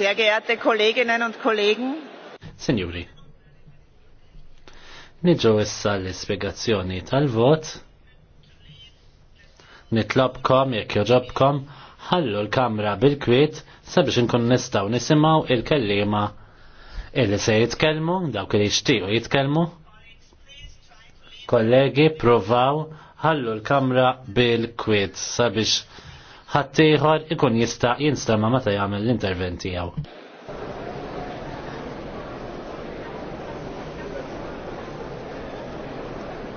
Sehr geehrte Kolleginnen und Kollegen. Signori. Niġu issa l-ispiegazzjoni tal-vot. Nitlobkom jekk joġobkom ħallu l-kamra bil-kwiet sabiex nkun nistgħu nisimgħu il-kellima illi se jitkellmu, dawk li jixtiequ jitkellmu. Kollegi, provaw ħallu l-kamra bil-kwiet sabiex ħaddieħor ikun jista' jinstema meta jagħmel l-intervent tiegħu.